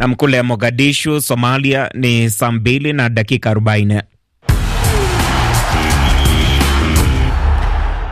na mkule Mogadishu, Somalia ni saa mbili na dakika arobaini.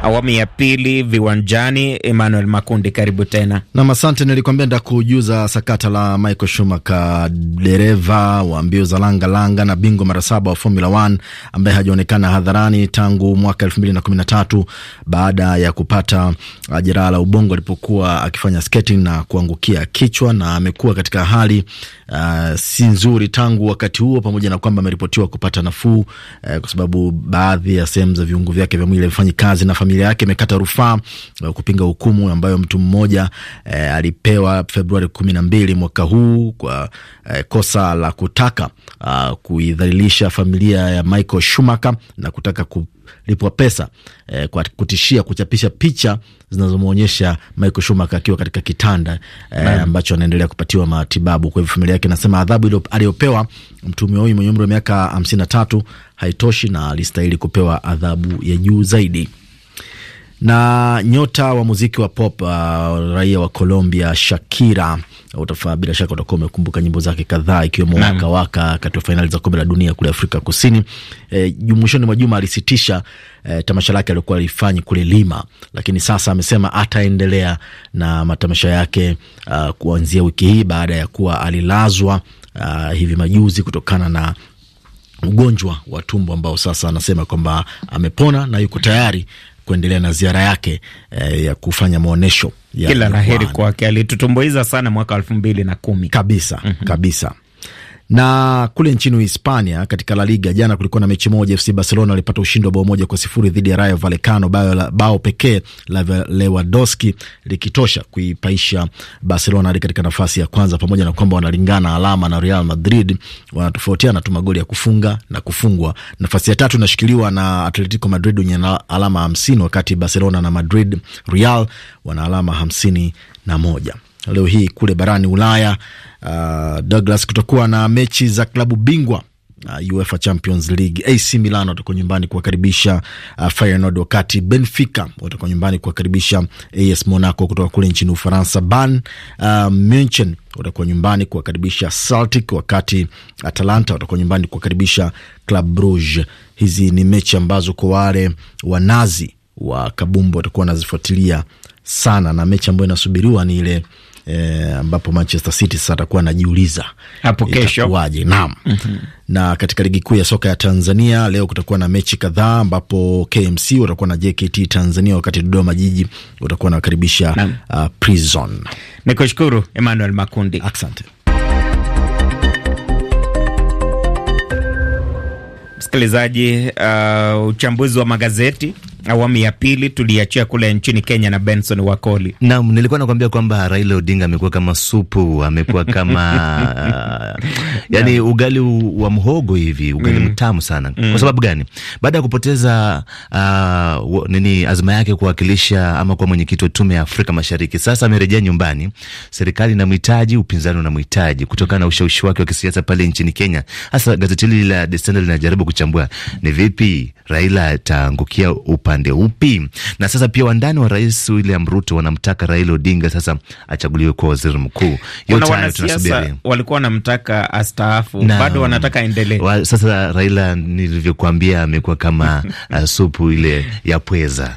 awamu ya pili viwanjani. Emmanuel Makundi, karibu tena nam. Asante, nilikwambia ndakujuza sakata la Michael Schumacher, dereva wa mbio za langa langa na bingwa mara saba wa Formula 1 ambaye hajaonekana hadharani tangu mwaka elfu mbili na kumi na tatu baada ya kupata jeraha la ubongo alipokuwa akifanya skating na kuangukia kichwa, na amekuwa katika hali uh, si nzuri tangu wakati huo, pamoja na kwamba ameripotiwa kupata nafuu uh, kwa sababu baadhi ya sehemu za viungo vyake vya mwili havifanyi kazi na familia familia yake imekata rufaa eh, kupinga hukumu ambayo mtu mmoja eh, alipewa Februari kumi na mbili mwaka huu kwa eh, kosa la kutaka uh, kuidhalilisha familia ya Michael Schumacher na kutaka ku lipwa pesa eh, kwa kutishia kuchapisha picha zinazomwonyesha Michael Schumacher akiwa katika kitanda eh, ambacho anaendelea kupatiwa matibabu. Kwa hivyo familia yake inasema adhabu aliyopewa mtuhumiwa huyu mwenye umri wa miaka hamsini na tatu haitoshi na alistahili kupewa adhabu ya juu zaidi na nyota wa muziki wa pop uh, raia wa Colombia Shakira, utafaa bila shaka utakuwa umekumbuka nyimbo zake kadhaa ikiwemo waka waka kati ya fainali za kombe la dunia kule Afrika Kusini. E, mwishoni mwa juma alisitisha e, tamasha lake aliokuwa alifanyi kule Lima, lakini sasa amesema ataendelea na matamasha yake uh, kuanzia wiki hii baada ya kuwa alilazwa uh, hivi majuzi kutokana na ugonjwa wa tumbo ambao sasa anasema kwamba amepona na yuko tayari kuendelea na ziara yake eh, ya kufanya maonyesho. Kila laheri kwake, alitutumbuiza sana mwaka elfu mbili na kumi kabisa. mm -hmm. kabisa na kule nchini Uhispania katika La Liga jana kulikuwa na mechi moja, FC Barcelona walipata ushindi wa bao moja kwa sifuri dhidi ya Rayo Vallecano, bao, bao pekee la Lewandowski likitosha kuipaisha Barcelona hadi katika nafasi ya kwanza, pamoja na kwamba wanalingana alama na Real Madrid, wanatofautiana tu magoli ya kufunga na kufungwa. Nafasi ya tatu inashikiliwa na Atletico Madrid wenye alama hamsini wakati Barcelona na Madrid Real wana alama hamsini na moja leo hii kule barani Ulaya. Uh, Douglas, kutakuwa na mechi za klabu bingwa Uh, UEFA Champions League, AC Milan watakuwa nyumbani kuwakaribisha uh, Feyenoord, wakati Benfica watakuwa nyumbani kuwakaribisha AS Monaco kutoka kule nchini Ufaransa. Bayern uh, Munchen watakuwa nyumbani kuwakaribisha Celtic, wakati Atalanta watakuwa nyumbani kuwakaribisha Club Brugge. Hizi ni mechi ambazo kwa wale wanazi wa kabumbu watakuwa wanazifuatilia sana, na mechi ambayo inasubiriwa ni ile Eh, ambapo Manchester City sasa atakuwa anajiuliza hapo kesho aje. Naam. mm -hmm. Na katika ligi kuu ya soka ya Tanzania leo kutakuwa na mechi kadhaa ambapo KMC watakuwa na JKT Tanzania, wakati Dodoma Jiji watakuwa wanakaribisha uh, Prison. ni kushukuru Emmanuel Makundi, asante. Msikilizaji, uh, uchambuzi wa magazeti awamu ya pili tuliachia kule nchini Kenya na Benson Wakoli. Naam, nilikuwa nakwambia kwamba Raila Odinga amekuwa kama supu, amekuwa kama uh, yani yeah, ugali wa mhogo hivi, ugali mm. mtamu sana mm. Kwa sababu gani? Baada ya kupoteza uh, nini azma yake kuwakilisha ama kuwa mwenyekiti wa tume ya Afrika Mashariki, sasa amerejea nyumbani, serikali inamhitaji, upinzani unamhitaji kutokana na ushawishi wake wa kisiasa pale nchini Kenya. Hasa gazeti hili la The Standard linajaribu kuchambua ni vipi Raila ataangukia upande upi? Na sasa pia wandani wa rais William Ruto wanamtaka Raila Odinga sasa achaguliwe kuwa waziri mkuu. Yote hayo tunasubiri. Walikuwa wanamtaka astaafu, na, bado wanataka aendelee. Wa, sasa Raila nilivyokuambia amekuwa kama uh, supu ile ya pweza.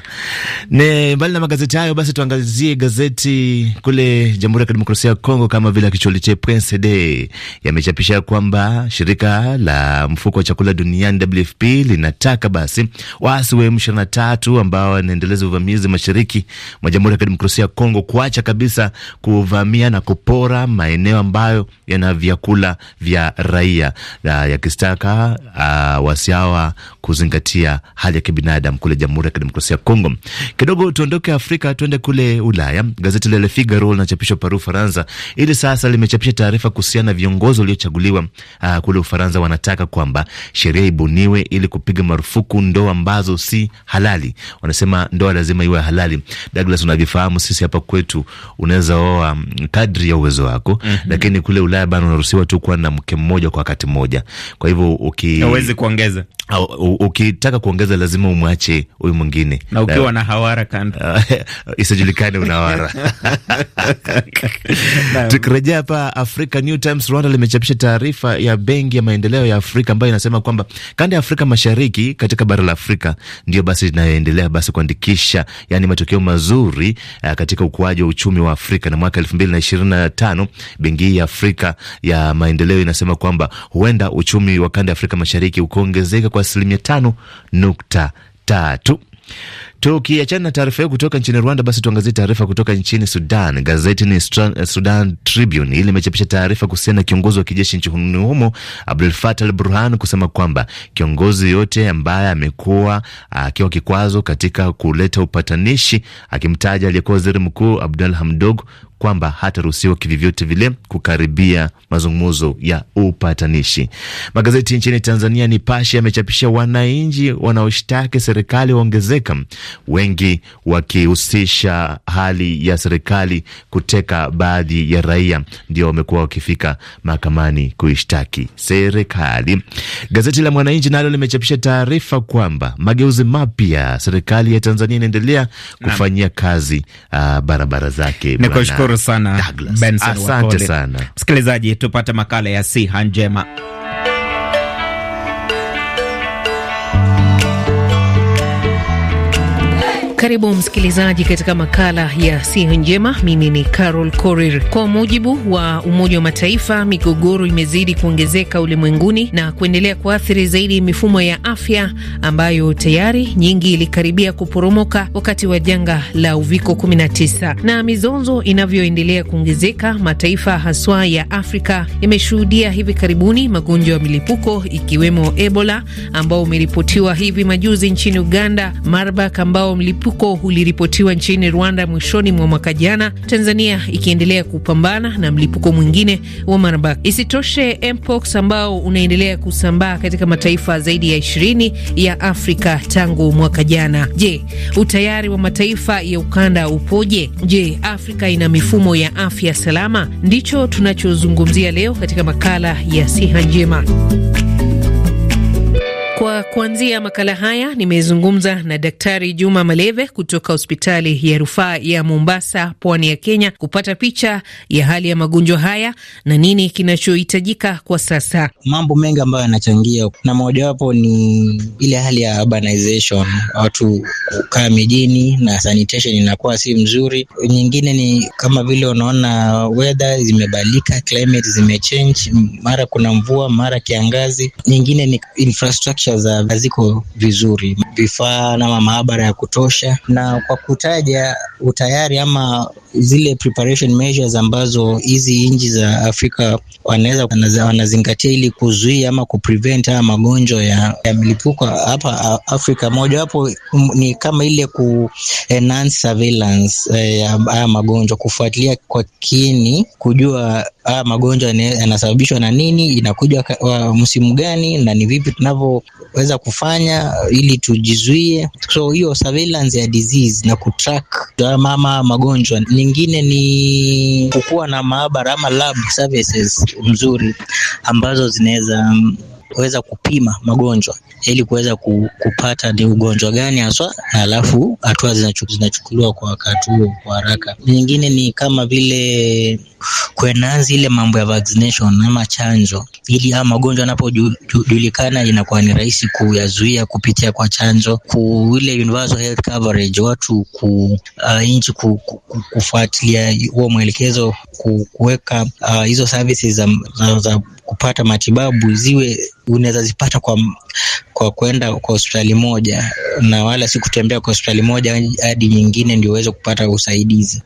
Ne, mbali na magazeti hayo, basi tuangazie gazeti kule Jamhuri ya Kidemokrasia ya Kongo kama vile kicholi cha Prince Day yamechapisha kwamba shirika la mfuko wa chakula duniani WFP linataka wasiwasi waasi wa M23 ambao wanaendeleza uvamizi mashariki mwa Jamhuri ya Kidemokrasia ya Kongo kuacha kabisa kuvamia na kupora maeneo ambayo yana vyakula vya raia yakistaka uh, waasi hawa kuzingatia hali ya kibinadamu kule Jamhuri ya Kidemokrasia ya Kongo. Kidogo tuondoke Afrika tuende kule Ulaya. Gazeti la Le Figaro linachapishwa Paris, Ufaransa, ili sasa limechapisha taarifa kuhusiana na viongozi waliochaguliwa ah, kule Ufaransa. Wanataka kwamba sheria ibuniwe ili kupiga marufuku huku ndoa ambazo si halali. Wanasema ndoa lazima iwe halali. Douglas, unavifahamu sisi hapa kwetu unaweza oa mm, kadri ya uwezo wako mm -hmm. Lakini kule Ulaya bana unaruhusiwa tu kuwa na mke mmoja kwa wakati mmoja. Kwa hivyo uki hawezi kuongeza ukitaka kuongeza lazima umwache huyu mwingine, na ukiwa na hawara kando isijulikane unawara. Tukirejea hapa Afrika, New Times Rwanda limechapisha taarifa ya Benki ya Maendeleo ya Afrika ambayo inasema kwamba kanda ya Afrika Mashariki katika katika bara la Afrika ndio basi linayoendelea basi kuandikisha yani matokeo mazuri uh, katika ukuaji wa uchumi wa Afrika. Na mwaka elfu mbili na ishirini na tano benki ya Afrika ya maendeleo inasema kwamba huenda uchumi wa kanda ya Afrika Mashariki ukaongezeka kwa asilimia tano nukta tatu. Tukiachana na taarifa hiyo kutoka nchini Rwanda, basi tuangazie taarifa kutoka nchini Sudan. Gazeti ni eh, Sudan Tribune ili imechapisha taarifa kuhusiana na kiongozi wa kijeshi nchini humo Abdul Fatah Al Burhan kusema kwamba kiongozi yote ambaye amekuwa ah, akiwa kikwazo katika kuleta upatanishi, akimtaja aliyekuwa waziri mkuu Abdul Hamdok kwamba hataruhusiwa kivyovyote vile kukaribia mazungumzo ya upatanishi. Magazeti nchini Tanzania, Nipashe yamechapisha wananchi wanaoshtaki serikali waongezeka, wengi wakihusisha hali ya serikali kuteka baadhi ya raia, ndio wamekuwa wakifika mahakamani kuishtaki serikali. Gazeti la Mwananchi nalo limechapisha taarifa kwamba mageuzi mapya serikali ya Tanzania inaendelea kufanyia kazi uh, barabara zake. Nikushukuru sana Douglas. Benson, asante sana msikilizaji, tupate makala ya siha njema. Karibu msikilizaji katika makala ya siha njema. Mimi ni Carol Korir. Kwa mujibu wa Umoja wa Mataifa, migogoro imezidi kuongezeka ulimwenguni na kuendelea kuathiri zaidi mifumo ya afya ambayo tayari nyingi ilikaribia kuporomoka wakati wa janga la uviko 19. Na mizozo inavyoendelea kuongezeka, mataifa haswa ya Afrika yameshuhudia hivi karibuni magonjwa ya milipuko ikiwemo Ebola ambao umeripotiwa hivi majuzi nchini Uganda, Marburg ambao mlipuko mlipuko uliripotiwa nchini Rwanda mwishoni mwa mwaka jana, Tanzania ikiendelea kupambana na mlipuko mwingine wa Marburg. Isitoshe, mpox ambao unaendelea kusambaa katika mataifa zaidi ya ishirini ya Afrika tangu mwaka jana. Je, utayari wa mataifa ya ukanda upoje? Je, Afrika ina mifumo ya afya salama? Ndicho tunachozungumzia leo katika makala ya siha njema. Kwa kuanzia makala haya nimezungumza na Daktari Juma Maleve kutoka hospitali ya rufaa ya Mombasa, pwani ya Kenya, kupata picha ya hali ya magonjwa haya na nini kinachohitajika kwa sasa. Mambo mengi ambayo yanachangia, na mojawapo ni ile hali ya urbanization, watu kukaa mijini na sanitation inakuwa si mzuri. Nyingine ni kama vile unaona weather zimebadilika, climate zimechange, mara kuna mvua, mara kiangazi. Nyingine ni infrastructure picha ziko vizuri, vifaa na maabara ya kutosha, na kwa kutaja utayari ama zile preparation measures ambazo hizi nchi za Afrika wanaweza wanazingatia ili kuzuia ama kuprevent haya magonjwa ya, ya mlipuko hapa Afrika. Mojawapo ni kama ile ku enhance surveillance eh, ya haya magonjwa, kufuatilia kwa kini kujua haya magonjwa yanasababishwa na nini, inakuja msimu gani, na ni vipi tunavyoweza kufanya ili tujizuie. So hiyo surveillance ya disease na kutrack mama magonjwa ni nyingine ni kukuwa na maabara ama lab services mzuri ambazo zinaweza kuweza kupima magonjwa ili kuweza kupata ni ugonjwa gani haswa, na alafu hatua zinachukuliwa kwa wakati huo kwa haraka. Nyingine ni kama vile kuenanzi ile mambo ya vaccination ama chanjo, ili a magonjwa yanapojulikana inakuwa ni rahisi kuyazuia kupitia kwa chanjo. Ku ile universal health coverage, watu ku uh, nchi ku, ku, kufuatilia huo mwelekezo kuweka uh, hizo services za, za, za kupata matibabu ziwe unaweza zipata kwa kwa kwenda kwa hospitali moja, na wala si kutembea kwa hospitali moja hadi nyingine ndio uweze kupata usaidizi.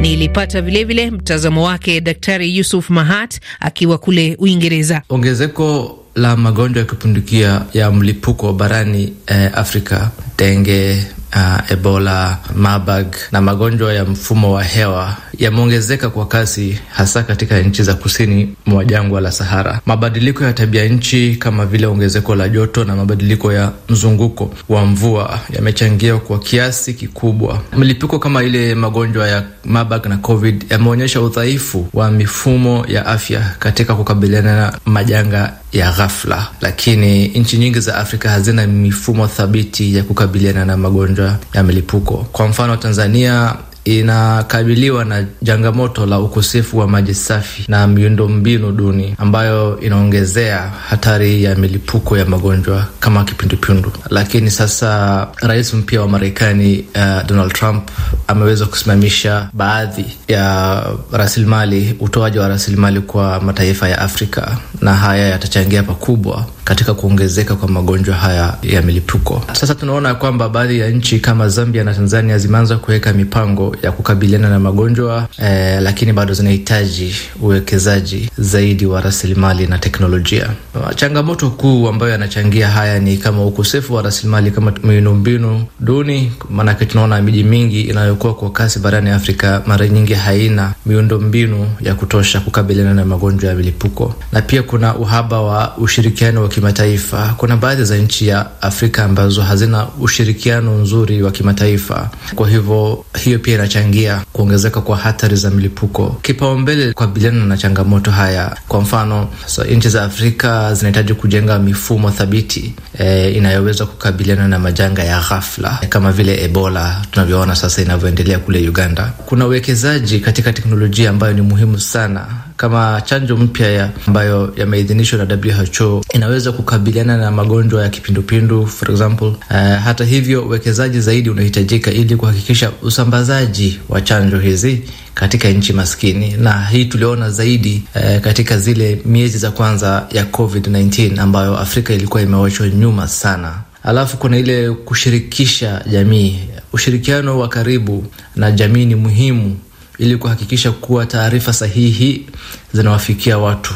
Nilipata vilevile mtazamo wake Daktari Yusuf Mahat akiwa kule Uingereza. Ongezeko la magonjwa ya kupundukia ya mlipuko barani eh, Afrika, denge, uh, ah, Ebola, Marburg na magonjwa ya mfumo wa hewa yameongezeka kwa kasi hasa katika nchi za kusini mwa jangwa la Sahara. Mabadiliko ya tabia nchi kama vile ongezeko la joto na mabadiliko ya mzunguko wa mvua yamechangia kwa kiasi kikubwa. Mlipuko kama ile magonjwa ya Marburg na Covid yameonyesha udhaifu wa mifumo ya afya katika kukabiliana na majanga ya ghafla, lakini nchi nyingi za Afrika hazina mifumo thabiti ya kukabiliana na magonjwa ya milipuko. Kwa mfano Tanzania inakabiliwa na changamoto la ukosefu wa maji safi na miundombinu duni ambayo inaongezea hatari ya milipuko ya magonjwa kama kipindupindu. Lakini sasa rais mpya wa Marekani uh, Donald Trump ameweza kusimamisha baadhi ya rasilimali, utoaji wa rasilimali kwa mataifa ya Afrika, na haya yatachangia pakubwa katika kuongezeka kwa magonjwa haya ya milipuko. Sasa tunaona kwamba baadhi ya nchi kama Zambia na Tanzania zimeanza kuweka mipango ya kukabiliana na magonjwa eh, lakini bado zinahitaji uwekezaji zaidi wa rasilimali na teknolojia. Changamoto kuu ambayo yanachangia haya ni kama ukosefu wa rasilimali kama miundombinu duni, maanake tunaona miji mingi inayokuwa kwa kasi barani Afrika mara nyingi haina miundombinu ya kutosha kukabiliana na magonjwa ya milipuko, na pia kuna uhaba wa ushirikiano wa kimataifa. Kuna baadhi za nchi ya Afrika ambazo hazina ushirikiano nzuri wa kimataifa, kwa hivyo hiyo pia kinachangia kuongezeka kwa hatari za milipuko. Kipaumbele kukabiliana na changamoto haya, kwa mfano so, nchi za Afrika zinahitaji kujenga mifumo thabiti e, inayoweza kukabiliana na majanga ya ghafla eh, kama vile Ebola tunavyoona sasa inavyoendelea kule Uganda. Kuna uwekezaji katika teknolojia ambayo ni muhimu sana kama chanjo mpya ya ambayo yameidhinishwa na WHO inaweza kukabiliana na magonjwa ya kipindupindu for example. Uh, hata hivyo uwekezaji zaidi unahitajika ili kuhakikisha usambazaji wa chanjo hizi katika nchi maskini, na hii tuliona zaidi uh, katika zile miezi za kwanza ya COVID-19 ambayo Afrika ilikuwa imewachwa nyuma sana. Alafu kuna ile kushirikisha jamii. Ushirikiano wa karibu na jamii ni muhimu ili kuhakikisha kuwa taarifa sahihi zinawafikia watu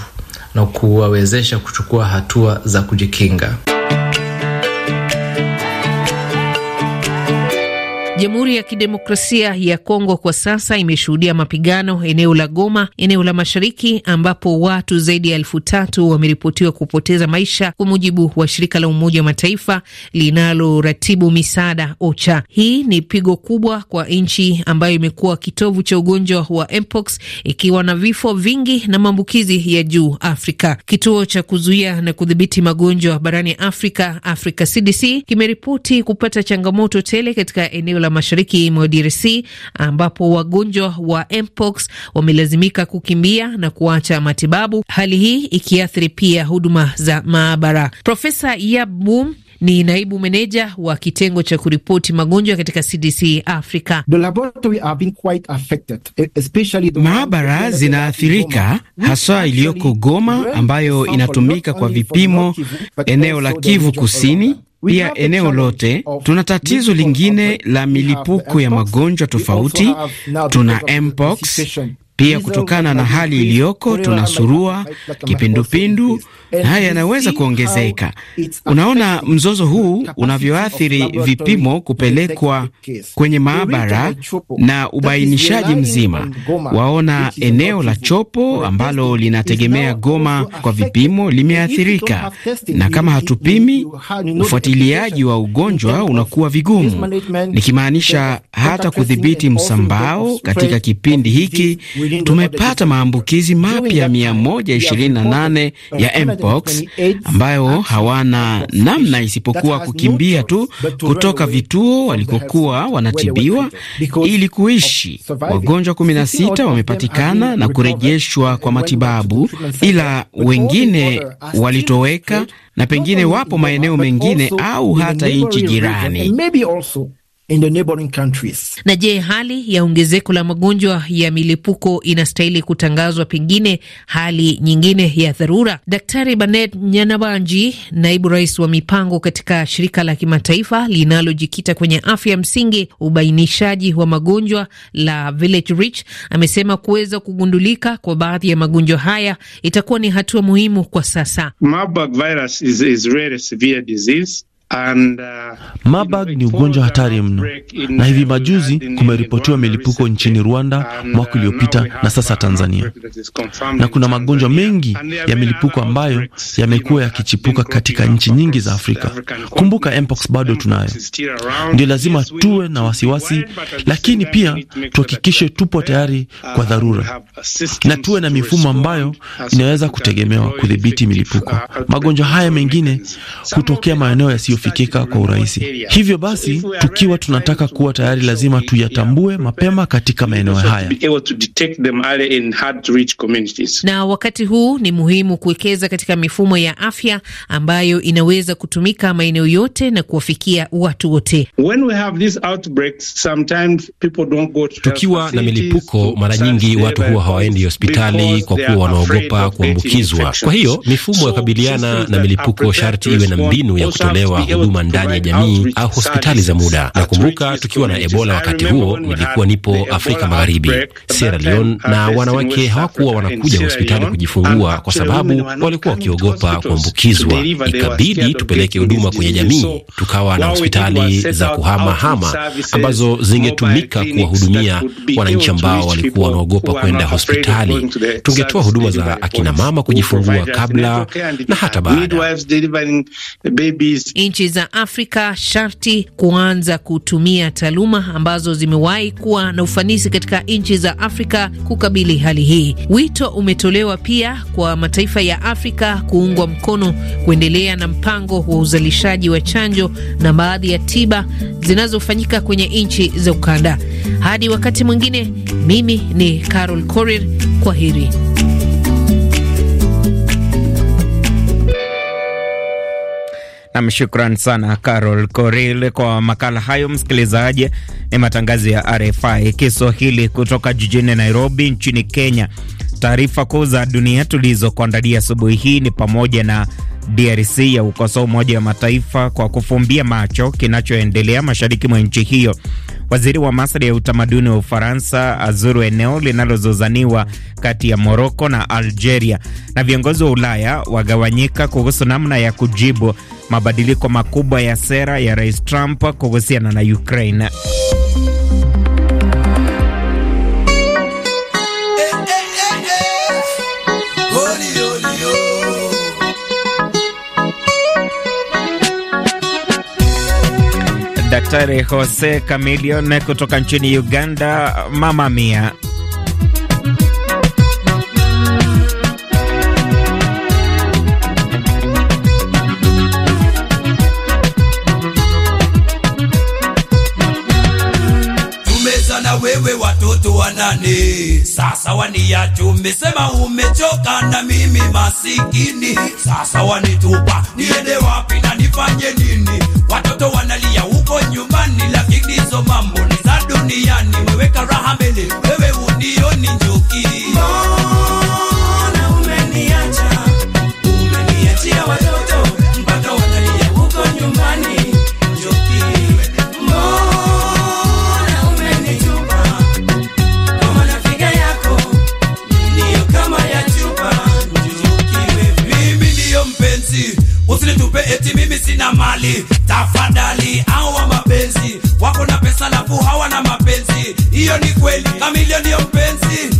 na kuwawezesha kuchukua hatua za kujikinga. Jamhuri ya Kidemokrasia ya Kongo kwa sasa imeshuhudia mapigano eneo la Goma, eneo la mashariki, ambapo watu zaidi ya elfu tatu wameripotiwa kupoteza maisha, kwa mujibu wa shirika la Umoja wa Mataifa linaloratibu misaada OCHA. Hii ni pigo kubwa kwa nchi ambayo imekuwa kitovu cha ugonjwa wa mpox, ikiwa na vifo vingi na maambukizi ya juu Afrika. Kituo cha kuzuia na kudhibiti magonjwa barani Afrika, Africa CDC, kimeripoti kupata changamoto tele katika eneo la la mashariki mwa DRC ambapo wagonjwa wa mpox wamelazimika kukimbia na kuacha matibabu, hali hii ikiathiri pia huduma za maabara. Profesa Yabum ni naibu meneja wa kitengo cha kuripoti magonjwa katika CDC Africa. Maabara zinaathirika haswa iliyoko Goma ambayo inatumika kwa vipimo eneo la Kivu Kusini pia eneo lote tuna tatizo lingine la milipuko ya magonjwa tofauti. Tuna mpox pia, kutokana na hali iliyoko, tuna surua, kipindupindu haya yanaweza kuongezeka. Unaona mzozo huu unavyoathiri vipimo kupelekwa kwenye maabara na ubainishaji mzima. Waona eneo la Chopo ambalo linategemea Goma kwa vipimo limeathirika, na kama hatupimi, ufuatiliaji wa ugonjwa unakuwa vigumu, nikimaanisha hata kudhibiti msambao. Katika kipindi hiki tumepata maambukizi mapya 128 ya mpox ambayo hawana namna isipokuwa kukimbia tu kutoka vituo walikokuwa wanatibiwa ili kuishi. Wagonjwa 16 wamepatikana na kurejeshwa kwa matibabu, ila wengine walitoweka na pengine wapo maeneo mengine au hata nchi jirani. In the neighboring countries. Na je, hali ya ongezeko la magonjwa ya milipuko inastahili kutangazwa pengine hali nyingine ya dharura? Daktari Banet Nyanabanji, naibu rais wa mipango katika shirika la kimataifa linalojikita kwenye afya msingi, ubainishaji wa magonjwa la Village Reach, amesema kuweza kugundulika kwa baadhi ya magonjwa haya itakuwa ni hatua muhimu kwa sasa. Marburg virus is, is rare severe disease. And, uh, Marburg ni ugonjwa hatari mno, na hivi uh, majuzi kumeripotiwa milipuko nchini Rwanda uh, mwaka uliopita na sasa Tanzania, na kuna magonjwa mengi ya milipuko ambayo yamekuwa yakichipuka katika nchi nyingi za Afrika. Kumbuka mpox bado tunayo, ndio lazima tuwe na wasiwasi, lakini pia tuhakikishe tupo tayari kwa dharura na tuwe na mifumo ambayo inaweza kutegemewa kudhibiti milipuko. Magonjwa haya mengine hutokea maeneo yasiyo yasiyofikika kwa urahisi. Hivyo basi, tukiwa tunataka kuwa tayari, lazima tuyatambue mapema katika maeneo haya. Na wakati huu ni muhimu kuwekeza katika mifumo ya afya ambayo inaweza kutumika maeneo yote na kuwafikia watu wote. Tukiwa na milipuko, mara nyingi watu huwa hawaendi hospitali kwa kuwa wanaogopa kuambukizwa. Kwa hiyo mifumo ya kukabiliana na milipuko sharti iwe na mbinu ya kutolewa huduma ndani ya jamii au hospitali za muda. Nakumbuka tukiwa na Ebola wakati huo, nilikuwa nipo Afrika Magharibi, Sierra Leone, na wanawake hawakuwa wanakuja hospitali kujifungua kwa sababu walikuwa wakiogopa kuambukizwa. Ikabidi tupeleke huduma kwenye jamii, tukawa na hospitali za kuhamahama ambazo zingetumika kuwahudumia wananchi ambao walikuwa wanaogopa kwenda hospitali. Tungetoa huduma za akinamama kujifungua kabla na hata baada nchi za Afrika sharti kuanza kutumia taaluma ambazo zimewahi kuwa na ufanisi katika nchi za Afrika kukabili hali hii. Wito umetolewa pia kwa mataifa ya Afrika kuungwa mkono kuendelea na mpango wa uzalishaji wa chanjo na baadhi ya tiba zinazofanyika kwenye nchi za ukanda. Hadi wakati mwingine, mimi ni Carol Korir, kwa heri. Nam, shukran sana Carol coril kwa makala hayo. Msikilizaji, ni matangazo ya RFI Kiswahili kutoka jijini Nairobi nchini Kenya. Taarifa kuu za dunia tulizokuandalia asubuhi hii ni pamoja na DRC ya ukosoa Umoja wa Mataifa kwa kufumbia macho kinachoendelea mashariki mwa nchi hiyo. Waziri wa masri ya utamaduni wa Ufaransa azuru eneo linalozozaniwa kati ya Moroko na Algeria. Na viongozi wa Ulaya wagawanyika kuhusu namna ya kujibu mabadiliko makubwa ya sera ya Rais Trump kuhusiana na Ukraine. Daktari Jose Camilion kutoka nchini Uganda, Mama Mia. nani? sasa, waniacha umesema umechoka na mimi masikini, sasa wanitupa niende wapi na nifanye nini? Watoto wanalia huko nyumbani, lakini hizo mambo ni za duniani. Wewe raha mbele, wewe unioni njoki nitupe eti mimi sina mali. Tafadhali au wa mapenzi wako na pesa lafu hawa na mapenzi, hiyo ni kweli. Kamilion ndio mpenzi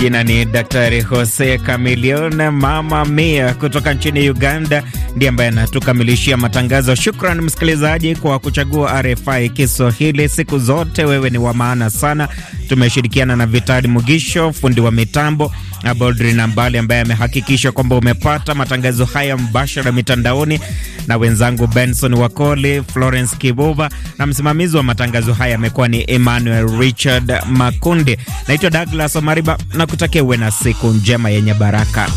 jina ni Daktari Jose Camilion Mama Mia kutoka nchini Uganda, ndiye ambaye anatukamilishia matangazo. Shukran msikilizaji kwa kuchagua RFI Kiswahili siku zote. Wewe ni wa maana sana. Tumeshirikiana na Vitali Mugisho, fundi wa mitambo. Boldrin Ambale ambaye amehakikisha kwamba umepata matangazo haya mbashara mitandaoni, na wenzangu Benson Wakoli, Florence Kibova na msimamizi wa matangazo haya amekuwa ni Emmanuel Richard Makunde. Naitwa Douglas Omariba na kutakia uwe na siku njema yenye baraka.